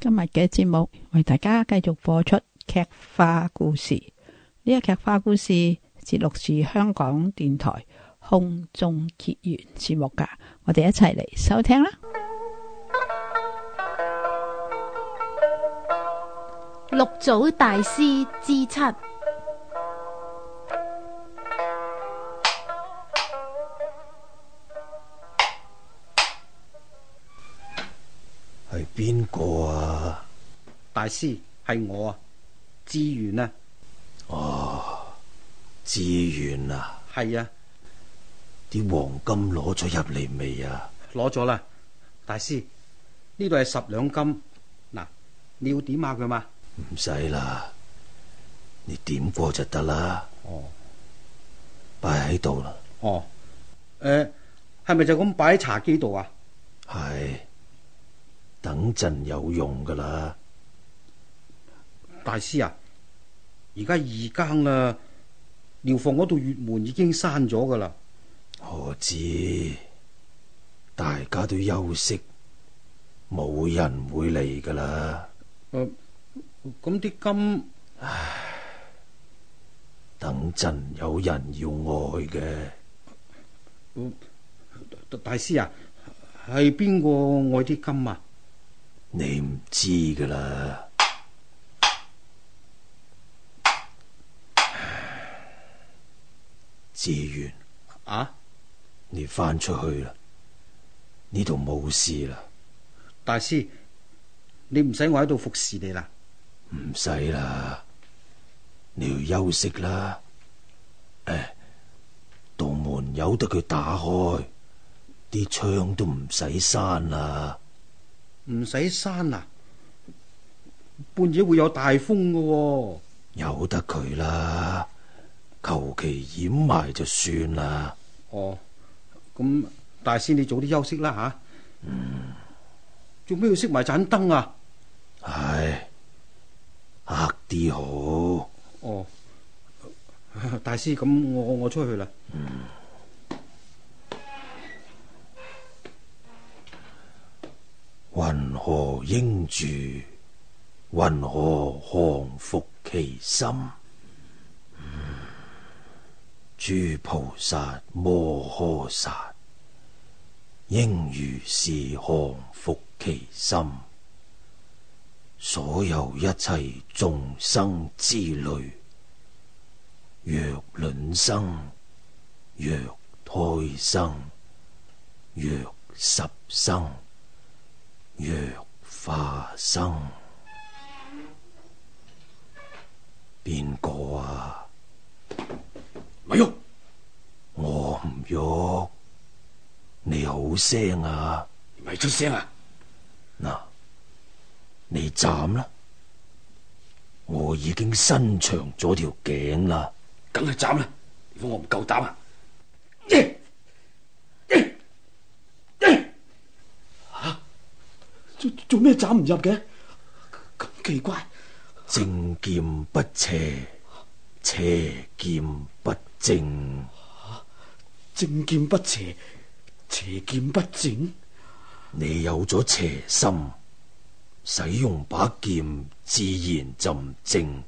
今日嘅節目為大家繼續播出劇化故事。呢個劇化故事節錄是香港電台空中結緣節目㗎，我哋一齊嚟收聽啦。六祖大師之七。邊個啊？大師，係我啊，志遠啊。哦，志遠啊。係啊。啲黃金攞咗入嚟未啊？攞咗啦，大師。呢度係十兩金，嗱，你要點下佢嘛？唔使啦，你點過就得啦。哦，擺喺度啦。哦，誒、呃，係咪就咁擺喺茶几度啊？係。等陣有用噶啦，大師啊！而家二更啦，療房嗰度月門已經閂咗噶啦。何止大家都休息，冇人會嚟噶啦。誒、呃，咁啲金唉，等陣有人要愛嘅、呃。大師啊，係邊個愛啲金啊？你唔知噶啦，志遠。啊！你翻出去啦，呢度冇事啦。大師，你唔使我喺度服侍你啦。唔使啦，你要休息啦。誒，道門由得佢打開，啲窗都唔使閂啦。唔使閂啊！半夜會有大風噶，啊，由得佢啦，求其掩埋就算啦。哦，咁大師你早啲休息啦吓。啊、嗯，做咩要熄埋盞燈啊？唉，黑啲好。哦，啊，大師咁我我出去啦。嗯。云何應住？云何降伏其心？諸、嗯、菩薩摩訶薩應如是降伏其心。所有一切眾生之類，若卵生，若胎生，若濕生。若花生，邊個啊？咪喐，我唔喐，你好聲啊，咪出聲啊！嗱，你斬啦，我已經伸長咗條頸啦，梗係斬啦，如果我唔夠膽啊！做咩斬唔入嘅？咁奇怪！正劍不邪，邪劍不正。正劍不邪，邪劍不正。你有咗邪心，使用把劍自然就唔正，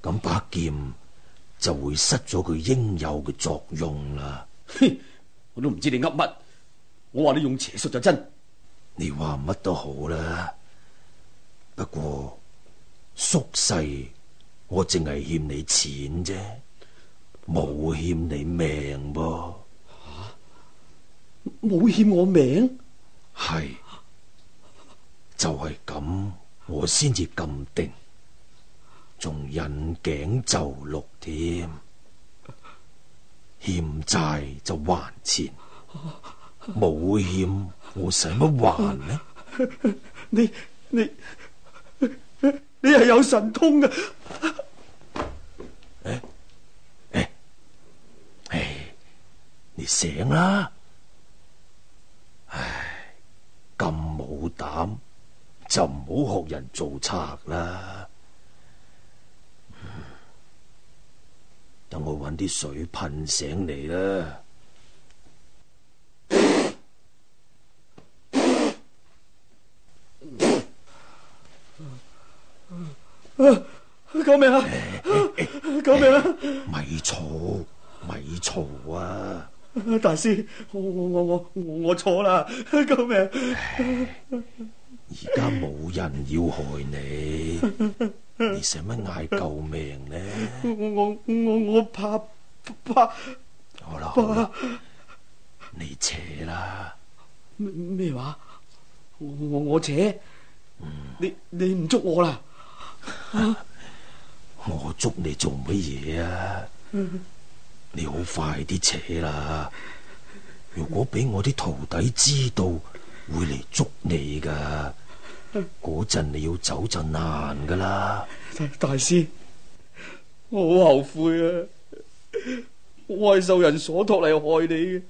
咁把劍就會失咗佢應有嘅作用啦。我都唔知你噏乜，我話你用邪術就真。你話乜都好啦，不過叔世，我淨係欠你錢啫，冇欠你命噃。啊，冇、啊、欠我命，係就係、是、咁，我先至咁定，仲引頸就戮添，欠債就還錢。冇欠，我使乜還呢？你你你係有神通㗎？誒，你醒啦！唉，咁冇膽就唔好學人做賊啦。等我揾啲水噴醒你啦。救命啊，啊！救命啊！咪嘈咪嘈啊！大師，我我我我我錯啦！救命！而家冇人要害你， 你使乜嗌救命呢？我我我我怕怕，好啦好怕啦！你扯啦！咩話？我我扯，嗯？你你唔捉我啦？啊、我捉你做乜嘢啊？你好快啲扯啦！如果俾我啲徒弟知道，會嚟捉你噶，嗰陣你要走就難噶啦。大師，我好後悔啊！我係受人所託嚟害你嘅，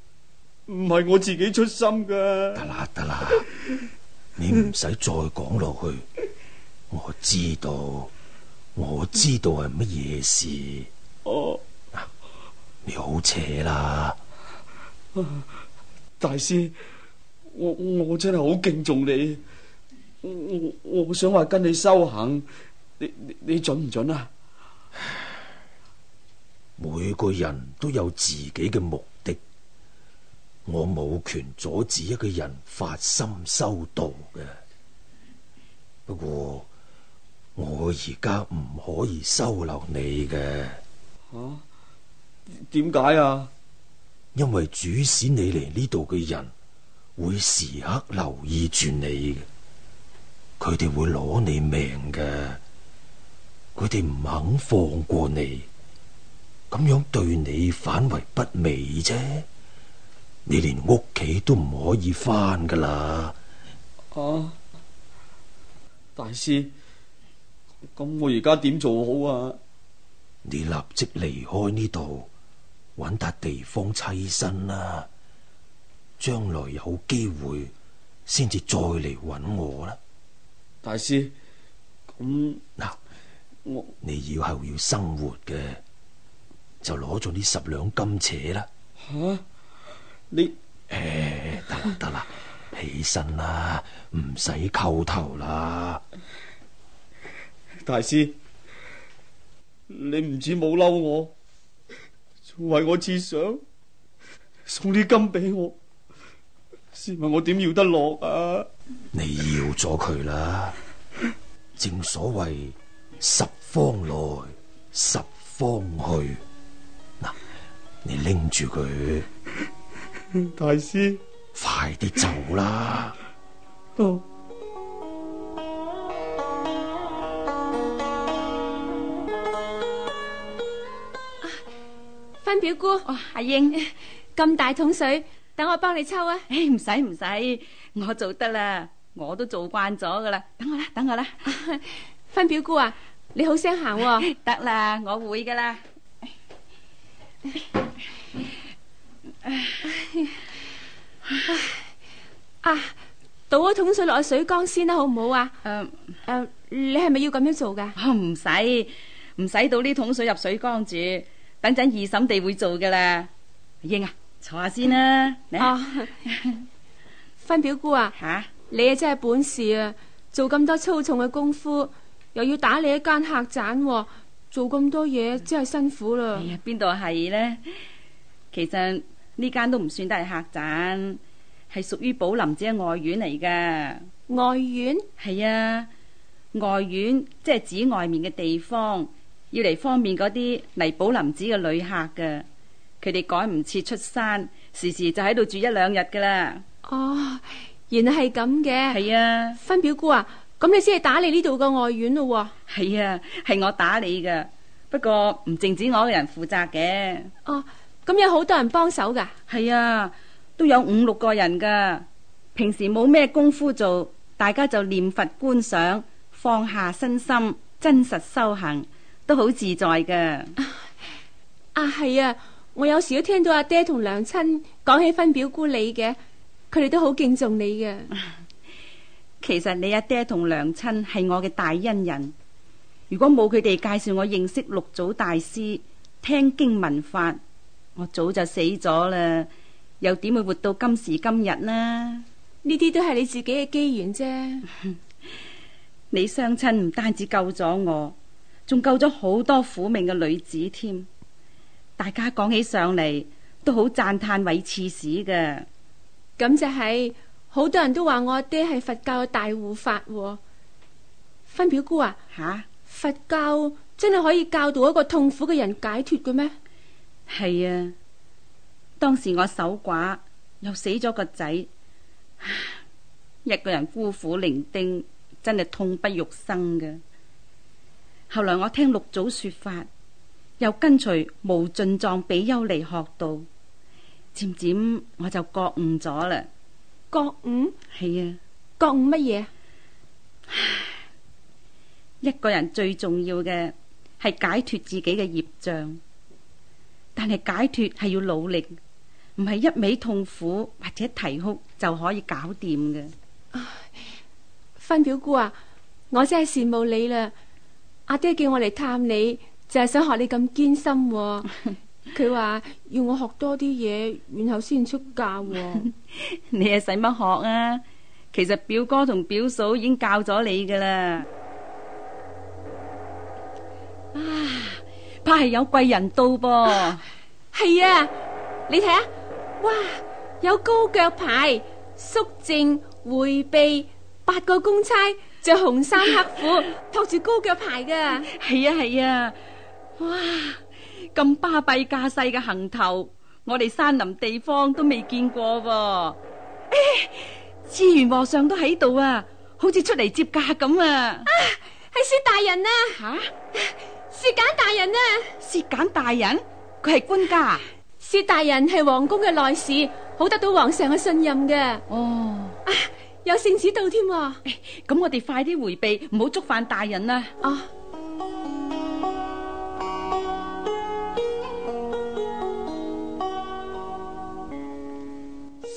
唔係我自己出心噶。得啦得啦，你唔使再講落去。我知道，我知道係乜嘢事。哦我，你好扯啦！啊！大師，我我真係好敬重你。我我想話跟你修行，你你你准唔准啊？每個人都有自己嘅目的，我冇權阻止一個人發心修道嘅。不過。我而家唔可以收留你嘅。吓？點解啊？因為主使你嚟呢度嘅人會時刻留意住你，佢哋會攞你命嘅，佢哋唔肯放過你，咁樣對你反為不美啫。你連屋企都唔可以翻噶啦。啊，大師。咁我而家點做好啊？你立即離開呢度，搵笪地方棲身啦。將來有機會，先至再嚟搵我啦。大師，咁嗱，我你以係以後要生活嘅，就攞咗呢十兩金錢啦。吓，你誒，得啦得啦，起身啦，唔使叩頭啦。大師，你唔止冇嬲我，仲為我設想，送啲金俾我，試問我點要得落啊？你要咗佢啦， 正所謂十方來，十方去，嗱，你拎住佢，大師，快啲走啦！ 哦。表姑、哦，阿英，咁大桶水，等我幫你抽啊！唉，唔使唔使，我做得啦，我都做慣咗噶啦。等我啦，等我啦。分表姑啊，你好聲、啊、 行喎！得啦，我會噶啦。唉 啊，倒一桶水落去水缸先啦，好唔好啊？誒，你係咪要咁樣做噶？唔使，唔使倒呢桶水入水缸住。等陣二嬸地會做噶啦，英啊，坐下先啦。哦、 啊，芬表姑啊，吓、啊，你啊真係本事啊！做咁多粗重嘅功夫，又要打理一間客棧、啊，做咁多嘢，真係辛苦啦。邊度係咧？其實呢間都唔算得係客棧，係屬於寶林寺嘅外院嚟噶。外院？係啊，外院即係指外面嘅地方。要嚟方便嗰啲嚟寶林寺嘅旅客噶，佢哋趕唔切出山，時時就喺度住一兩日噶啦。哦，原來係咁嘅。係啊，分表姑啊，咁你先係打理呢度個外院咯。係啊，係、啊、我打理噶，不過唔淨止我一個人負責嘅。哦，咁有好多人幫手噶。係啊，都有五六個人噶。平時冇咩功夫做，大家就念佛觀想，放下身心，真實修行。都好自在嘅，啊係啊！我有時都聽到阿爹同娘親講起分表姑你嘅，佢哋都好敬重你嘅。其實你阿爹同娘親係我嘅大恩人，如果冇佢哋介紹我認識六祖大師，聽經聞法，我早就死咗啦，又點會活到今時今日呢？呢啲都係你自己嘅機緣啫。 你雙親唔單止救咗我。仲救咗好多苦命嘅女子添，大家講起上嚟都好讚嘆韋刺史嘅。咁就係、是、好多人都話我阿爹係佛教嘅大護法。分表姑啊，吓、啊、佛教真係可以教導一個痛苦嘅人解脱嘅咩？係啊，當時我守寡又死咗個仔，一個人孤苦伶仃，真係痛不欲生噶。後來我聽六祖說法，又跟隨無盡藏比丘尼學道，漸漸我就覺悟咗啦。覺悟？係啊，覺悟乜嘢？一個人最重要嘅係解脱自己嘅業障，但係解脱係要努力，唔係一味痛苦或者啼哭就可以搞掂嘅。啊，分表姑啊，我真係羨慕你啦。阿爹叫我嚟探你，就係想學你咁堅心。佢話要我學多啲嘢，然後先出嫁。你係使乜學啊？其實表哥同表嫂已經教咗你噶啦。啊，怕係有貴人到噃。係啊，你睇下，哇，有高腳牌、肅靜、回避八個公差。着紅衫黑褲， 托住高腳牌嘅，係 啊係啊，哇，咁巴閉架勢嘅行頭，我哋山林地方都未見過喎，哦。智、哎、圓和尚都喺度啊，好似出嚟接駕咁啊！啊，係薛大人啊，吓，啊，薛 簡大人啊，薛簡大人，佢係官家，薛 大人係皇宮嘅內侍，好得到皇上嘅信任嘅。哦。啊！ 有聖旨到添，咁我哋快啲回避，唔好觸犯大人啦。啊！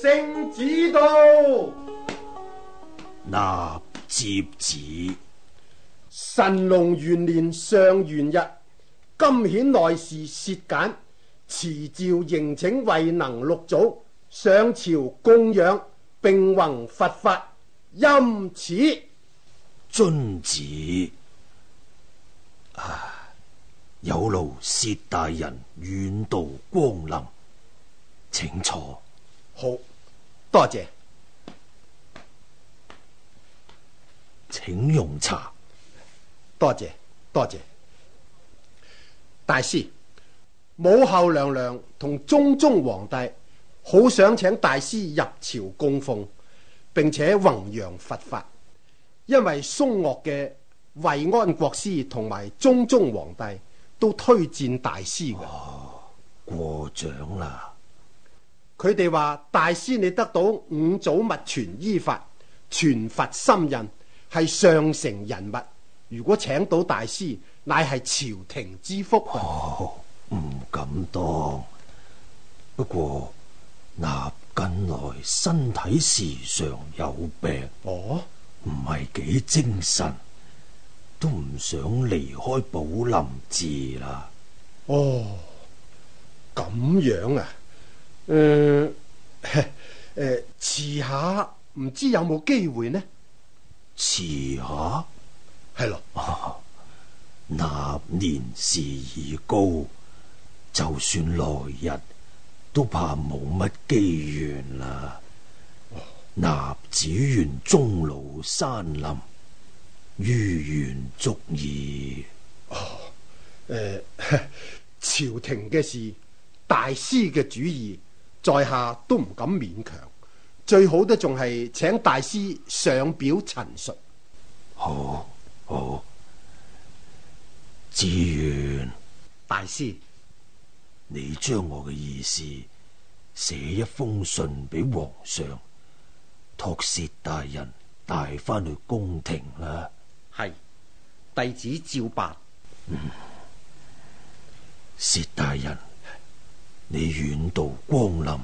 聖旨到，嗱，接旨。神龍元年上元日，今顯內侍薛簡，馳詔迎請惠能六祖上朝供養。並弘佛法，因此遵旨。啊，有勞薛大人遠道光臨，請坐。好，多謝，請用茶。多謝多謝，大師，母后娘娘同中宗皇帝。好想請大師入朝供奉，並且弘揚佛法，因為松嶽嘅惠安國師同埋中宗皇帝都推薦大師嘅、哦、過獎啦。佢哋話大師你得到五祖物傳衣法、傳佛心印，係上乘人物。如果請到大師，乃係朝廷之福啊！唔敢當，不過。嗱，近來身體時常有病，哦，唔係幾精神，都唔想離開寶林寺啦。哦，咁樣啊？誒、呃，誒，遲、呃、下唔知有冇機會呢？遲下係咯，嗱 年事已高，就算來日。都怕冇乜機緣啦，納子園終老山林，於願足矣。誒、哦呃，朝廷嘅事，大師嘅主意，在下都唔敢勉強，最好都仲係請大師上表陳述。好、哦，好、哦，志遠，大師。你將我嘅意思寫一封信俾皇上，託薛大人帶翻去宮廷啦。係，弟子照辦。嗯，薛大人，你遠道光臨，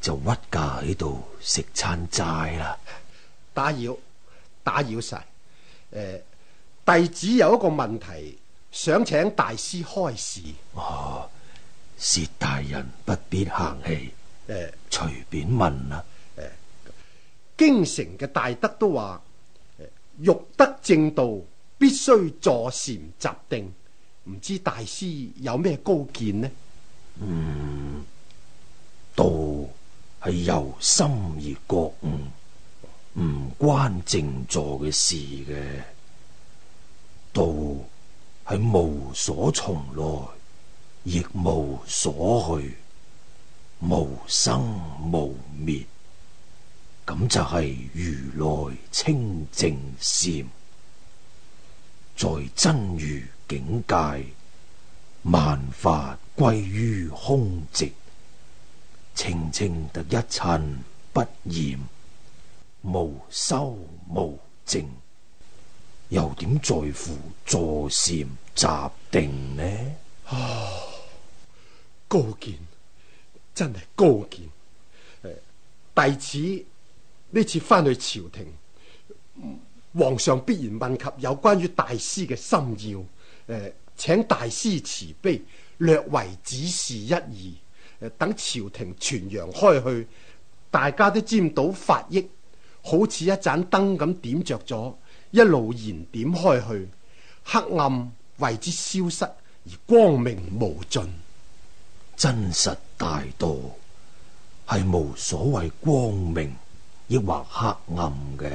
就屈駕喺度食餐齋啦。打擾，打擾晒。誒，弟子有一個問題，想請大師開示。哦、啊。薛大人不必客氣，誒、欸，隨便問啦。誒、欸，京城嘅大德都話，欲得正道，必須坐禪習定。唔知大師有咩高見呢？嗯，道係由心而覺悟，唔關正座嘅事嘅。道係無所從來。亦無所去，無生無滅，咁就係如來清淨禪，在真如境界，萬法歸於空寂，清淨得一塵不染，無修無淨，又點在乎坐禪習定呢？哦，高見真係高見誒！弟子呢次返去朝廷，皇上必然問及有關於大師嘅心要誒，呃，請大師慈悲略為指示一二。誒，呃，等朝廷傳揚開去，大家都沾到法益，好似一盞燈咁點着咗，一路燃點開去，黑暗為之消失。而光明無盡，真實大道係無所謂光明抑或黑暗嘅。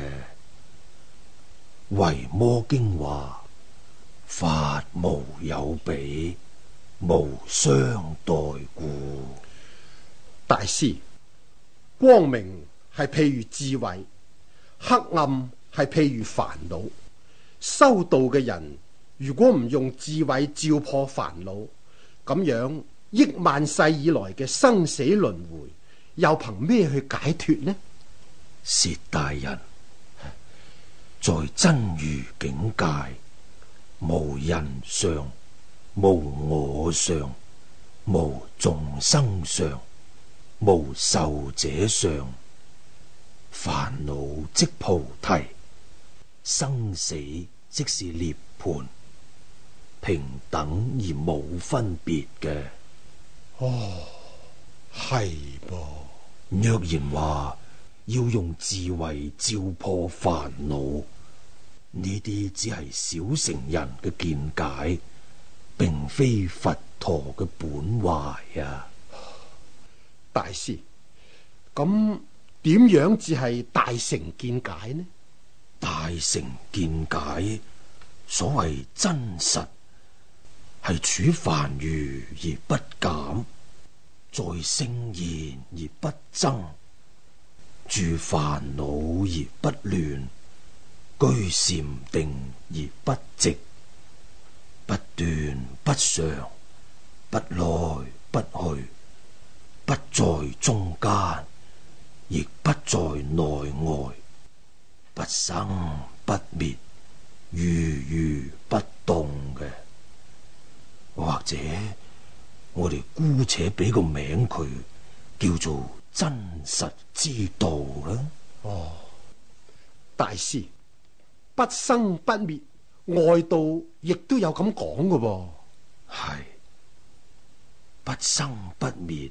維摩經話：法無有比，無相待故。大師，光明係譬如智慧，黑暗係譬如煩惱。修道嘅人。如果唔用智慧照破煩惱，咁樣億萬世以來嘅生死輪迴，又憑咩去解脫呢？薛大人，在真如境界，無人相、無我相、無眾生相、無受者相，煩惱即菩提，生死即是涅槃。平等而冇分別嘅，哦，係噃。若然話要用智慧照破煩惱，呢啲只係小乘人嘅見解，並非佛陀嘅本懷啊！大師，咁點樣至係大乘見解呢？大乘見解，所謂真實。係處凡愚而不減，在聖賢而不增，住煩惱而不亂，居禪定而不寂，不斷不常，不來不去，不在中間，亦不在內外，不生不滅，如如不動嘅。或者我哋姑且俾個名佢，叫做真實之道啦。哦，大師，不生不滅，外道亦都有咁講㗎喎。係，不生不滅，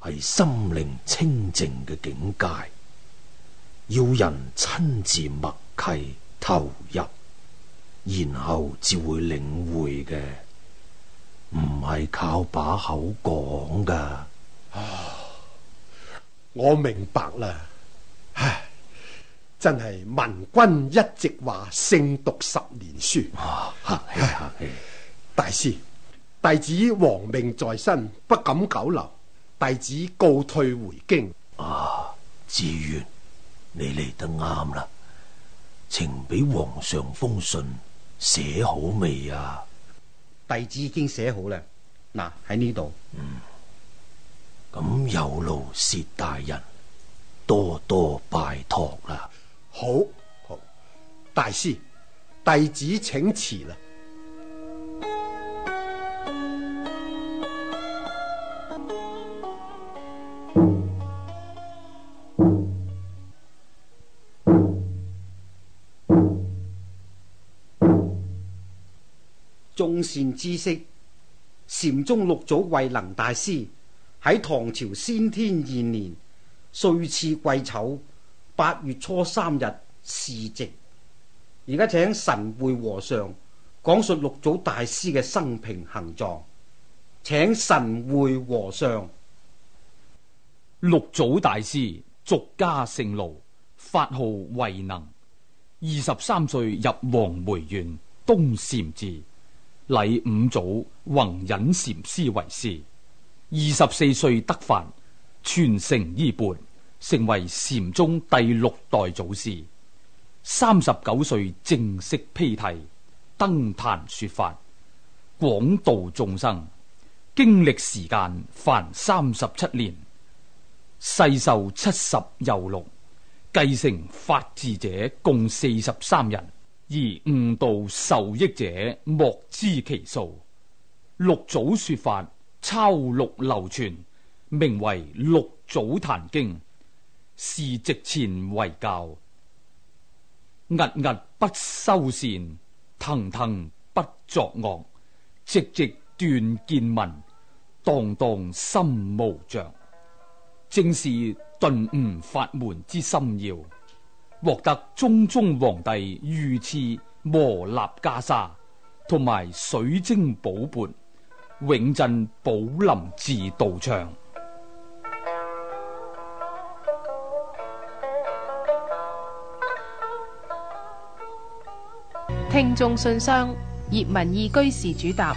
係心靈清淨嘅境界，要人親自默契投入，然後至會領會嘅。唔係靠把口講噶，啊，我明白啦。唉，真係聞君一直話勝讀十年書啊。客氣客氣，大師弟子王命在身，不敢久留，弟子告退回京。啊，志願，你嚟得啱啦。請俾皇上封信，寫好未啊？弟子已經寫好啦，嗱，喺呢度。嗯，咁有勞薛大人多多拜託啦。好，好，大師，弟子請辭啦。善知識，禪宗六祖慧能大師喺唐朝先天二年歲次癸丑八月初三日示寂。而家請神會和尚講述六祖大師嘅生平行狀，請神會和尚。六祖大師俗家姓盧，法號慧能，二十三歲入黃梅縣東禪寺。禮五祖弘忍禪師為師，二十四歲得法，傳承衣鉢，成為禪宗第六代祖師。三十九歲正式披剃，登壇說法，廣度眾生。經歷時間凡三十七年，世壽七十又六，繼承法嗣者共四十三人。而悟道受益者，莫知其數。六祖說法，抄錄流傳，名為《六祖壇經》，是直前為教。鬱鬱不修善，騰騰不作惡，寂寂斷見聞，蕩蕩心無着，正是頓悟法門之心要。獲得中宗皇帝御賜磨衲袈裟同埋水晶寶盤，永鎮寶林寺道場。聽眾信箱，葉文義居士主答。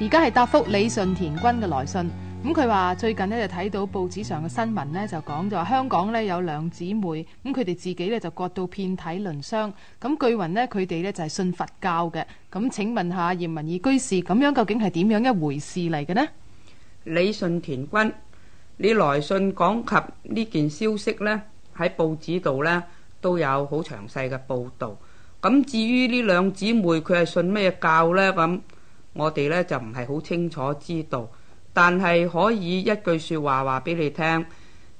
而家係答覆李信田君嘅來信。咁佢話最近呢，就睇到報紙上嘅新聞呢，就講就話香港呢有兩姊妹，咁佢哋自己呢就割到遍體鱗傷。咁據聞呢，佢哋呢就係信佛教嘅。咁請問下嚴文義居士，咁樣究竟係點樣一回事嚟嘅呢？李信田君，你來信講及呢件消息呢，喺報紙度呢都有好詳細嘅報道。咁至於呢兩姊妹佢係信咩教呢？咁我哋呢就唔係好清楚知道。但係可以一句説話話俾你聽，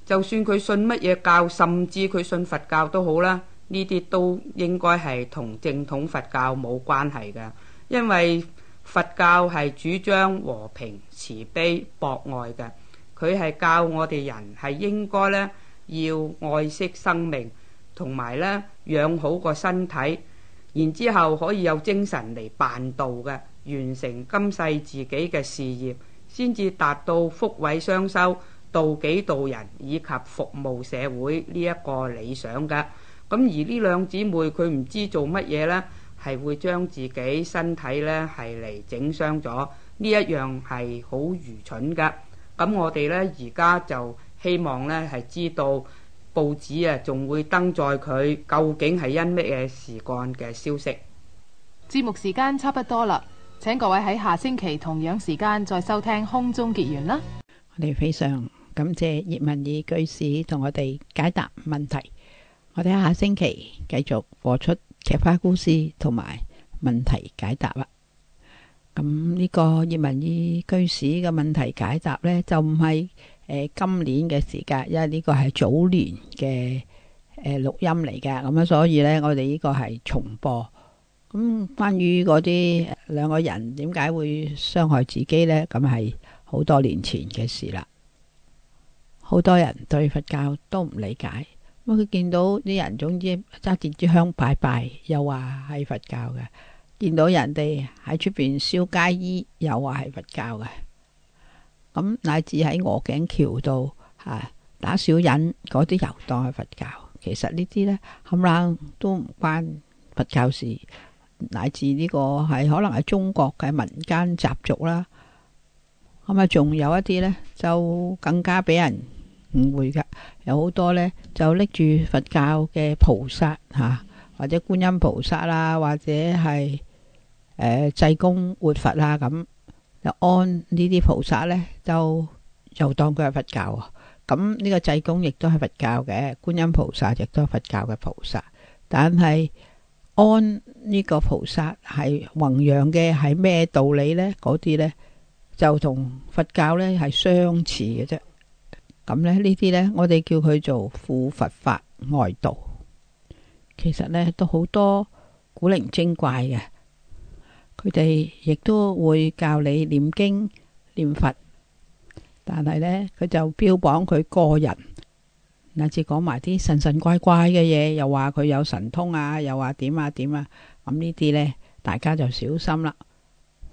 就算佢信乜嘢教，甚至佢信佛教都好啦，呢啲都應該係同正統佛教冇關係嘅，因為佛教係主張和平、慈悲、博愛嘅。佢係教我哋人係應該呢，要愛惜生命，同埋呢，養好個身體，然之後可以有精神嚟辦道嘅，完成今世自己嘅事業。先至達到福慧雙修、度己度人以及服務社會呢一個理想嘅。咁而呢兩姊妹佢唔知做乜嘢咧，係會將自己身體咧係嚟整傷咗。呢一樣係好愚蠢嘅。咁我哋咧而家就希望咧係知道報紙啊，仲會登載佢究竟係因乜嘢事幹嘅消息。節目時間差不多啦。請各位喺下星期同樣時間再收聽空中結緣啦。我哋非常感謝葉文義居士同我哋解答問題。我哋下星期繼續播出劇花故事同埋問題解答啊。咁呢個葉文義居士嘅問題解答呢，就唔係誒今年嘅時間，因為呢個係早年嘅誒錄音嚟㗎。咁啊，所以呢，我哋呢個係重播。咁關於嗰啲兩個人點解會傷害自己呢？咁係好多年前嘅事啦。好多人對佛教都唔理解，咁佢見到啲人總之揸住支香拜拜，又話係佛教嘅；見到人哋喺出邊燒街衣，又話係佛教嘅。咁乃至喺鵝頸橋度啊打小人嗰啲遊蕩係佛教，其實呢啲呢，冚唪唥都唔關佛教事。乃至呢個係可能係中國嘅民間習俗啦，咁啊仲有一啲呢就更加俾人誤會㗎，有好多呢就拎住佛教嘅菩薩嚇，或者觀音菩薩啦，或者係誒濟公活佛啦咁，就安呢啲菩薩呢，就就當佢係佛教啊。咁呢個濟公亦都係佛教嘅，觀音菩薩亦都係佛教嘅菩薩，但係。安呢個菩薩係弘揚嘅係咩道理呢？嗰啲呢就同佛教呢係相似嘅啫。咁呢呢啲呢，我哋叫佢做附佛法外道。其實呢都好多古靈精怪嘅，佢哋亦都會教你念經念佛，但係呢，佢就標榜佢個人。乃至講埋啲神神怪怪嘅嘢，又話佢有神通啊，又話點啊點啊，咁呢啲呢，大家就小心啦。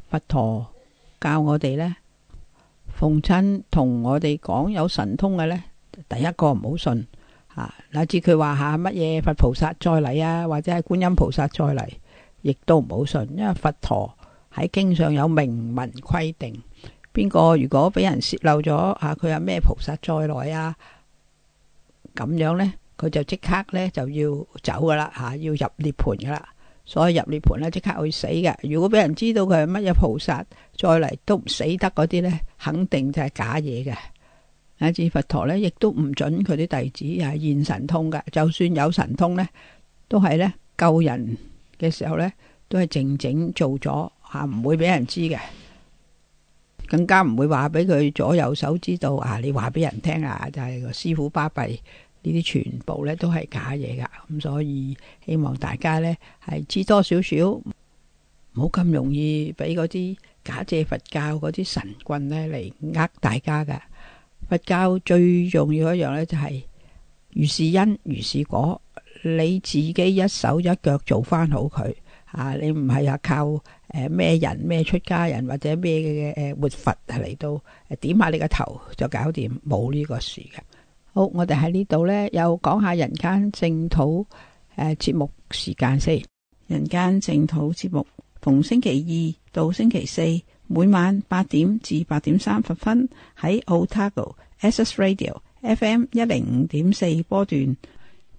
佛陀教我哋呢，逢親同我哋講有神通嘅呢，第一個唔好信啊。乃至佢話吓乜嘢？佛菩薩再嚟啊，或者係觀音菩薩再嚟，亦都唔好信，因為佛陀喺經上有明文規定，邊個如果俾人泄漏咗啊，佢係咩菩薩再來啊？咁樣咧，佢就即刻咧就要走噶啦，吓要入涅槃噶啦，所以入涅槃咧即刻去死嘅。如果俾人知道佢係乜嘢菩薩，再嚟都唔死得嗰啲咧，肯定就係假嘢嘅。乃至佛陀咧，亦都唔准佢啲弟子啊現神通嘅，就算有神通咧，都係咧救人嘅時候咧，都係靜靜做咗吓，唔會俾人知嘅，更加唔會話俾佢左右手知道啊！你話俾人聽啊，就係個師傅巴閉。呢啲全部咧都係假嘢噶，咁所以希望大家呢係知多少少，唔好咁容易俾嗰啲假借佛教嗰啲神棍呢嚟呃大家噶。佛教最重要一樣呢就係如是因如是果，你自己一手一腳做翻好佢啊！你唔係啊靠誒咩人咩出家人或者咩嘅誒活佛嚟到誒點下你個頭就搞掂，冇呢個事嘅。好，我哋喺呢度咧，又講下人間淨土誒、呃、節目時間先。人間淨土節目逢星期二到星期四，每晚八點至八點三十分喺 Otago SS Radio FM 一零五點四波段，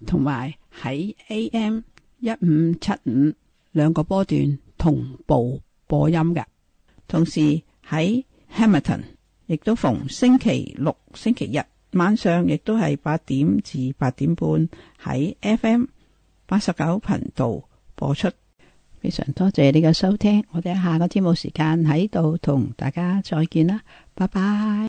同埋喺 AM 一五七五兩個波段同步播音嘅。同時喺 Hamilton，亦都逢星期六、星期日。晚上亦都係八點至八點半喺 FM 八十九頻道播出。非常多謝你嘅收聽，我哋下個節目時間喺度同大家再見啦，拜拜。